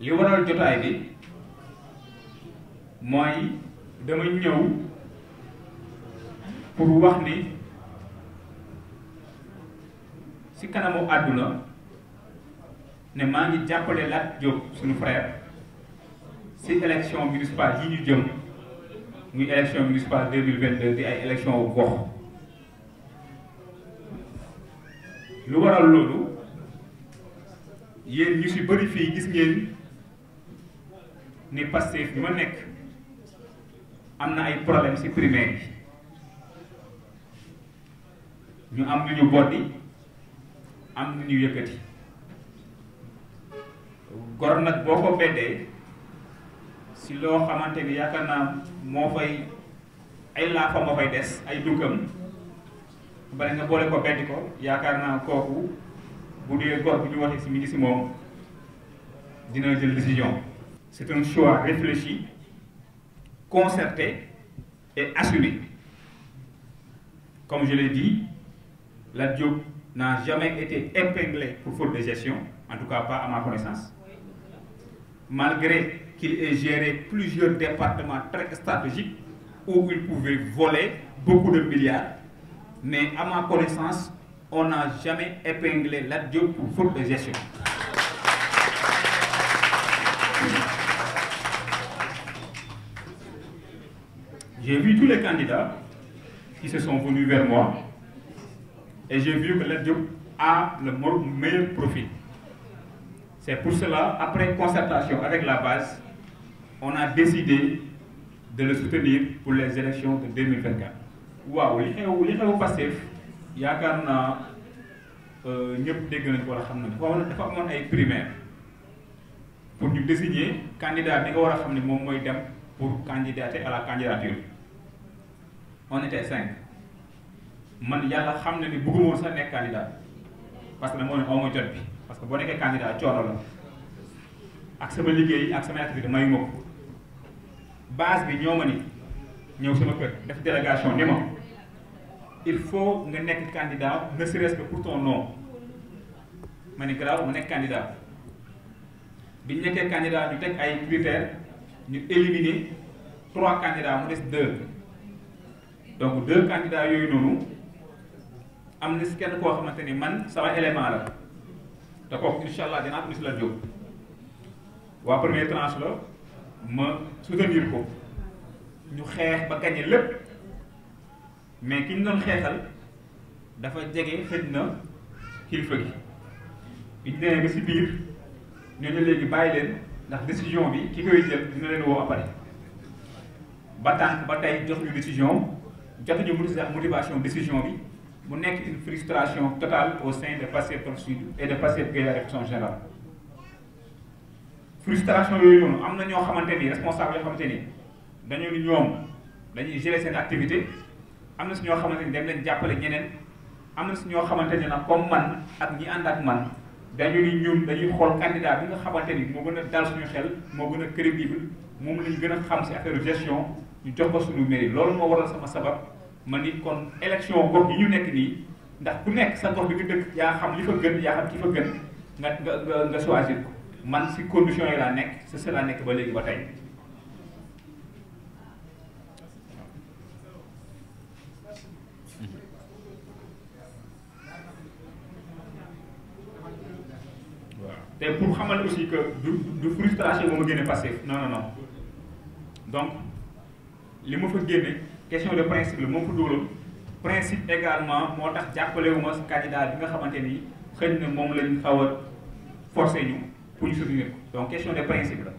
li waral jotaay bi mooy dama ñëw pour wax ni ci kanamu àdduna ne maa ngi jàppale Lat Diop suñu frère ci élection municipale yi ñu jëm muy élection municipale deux mille vingt deux di ay élection wu gox lu waral loolu yéen ñu ci bëri fii gis ngeen. ni Pastef bi ma nekk am na ay problème ci primaire yi am lu ñu boddi am lu ñu yëkkati gor nag boo ko beddee si loo xamante ni yaakaar naa moo fay ay laafa moo fay des ay duggam bari nga boole ko beddi ko yaakaar naa kooku bu dee gor bu ñu waxee si mi ngi si moom dina jël décision C'est un choix réfléchi, concerté et assumé. Comme je l'ai dit, la Diop n'a jamais été épinglé pour faute de gestion, en tout cas pas à ma connaissance. Malgré qu'il ait géré plusieurs départements très stratégiques où il pouvait voler beaucoup de milliards, mais à ma connaissance, on n'a jamais épinglé la Diop pour faute de gestion. J'ai vu tous les candidats qui se sont venus vers moi et j'ai vu que l'Aide a le meilleur profil. C'est pour cela, après concertation avec la base, on a décidé de le soutenir pour les élections de 2024. waaw li xew li xew Pastef yaakaar naa euh, ñëpp dégg nañ ko war a xam ne dafa amoon ay primaire pour ñu désigner candidat bi nga war a xam ne moom mooy dem pour candidater à la candidature on était cinq man yàlla xam na ni bëgguma woon sax nekk candidat parce que dama ma jot bi parce que boo nekkee candidat coono la ak sama liggéey ak sama activité mayu ma ko base bi ñoo ma ni ñëw sama kër def délégation ni ma il faut nga nekk candidat ne serait-ce que pour ton nom ma ni garaaw mu nekk candidat bi ñu nekkee candidat ñu teg ay critères ñu éliminer trois candidats mu des deux donc deux candidats yooyu noonu am na si kenn koo xamante ni man sama élément la te kooku incha allah dinaa am si la jóg waa première tranche la ma soutenir ko ñu xeex ba gañe lépp mais ki ñu doon xeexal dafa jege xëj na kilifa gi bi ñu demee ba si biir ñooñu léegi bàyyi leen ndax décision bi ki koy jël dina leen woo appareil ba tànk ba tey jox ñu décision. jotuñu motivation décision bi mu nekk une frustration totale au sein de Pastef Sud et de Pastef Gueye direction générale frustration yooyu noonu am na ñoo xamante ni responsable yoo xamante ni dañoo ni ñoom dañuy gérer seen activité am na si ñoo xamante ni dem leen jàppale ñeneen am na si ñoo xamante ni nag comme man ak ñi ànd ak man dañu ni ñun dañuy xool candidat bi nga xamante ni moo gën a dal suñu xel moo gën a crédible moom lañu gën a xam si affaire gestion ñu jox ko suñu mairie loolu moo waral sama sabab ma ni kon élection gox yi ñu nekk nii ndax ku nekk sa gox bi nga dëkk yaa xam li fa gën yaa xam ci fa gën nga nga nga choisir ko man si condition yi laa nekk c'est ça laa nekk ba léegi ba tey. te pour xamal aussi que du du frustration ba ma gën a passé non donc li ma fa génne question de principe la moo fa dugaloon principe également moo tax jàppale wu ma candidat bi nga xamante ni xëñ na moom lañ xaw a forcé ñu pour ñu soutenir ko donc question de principe la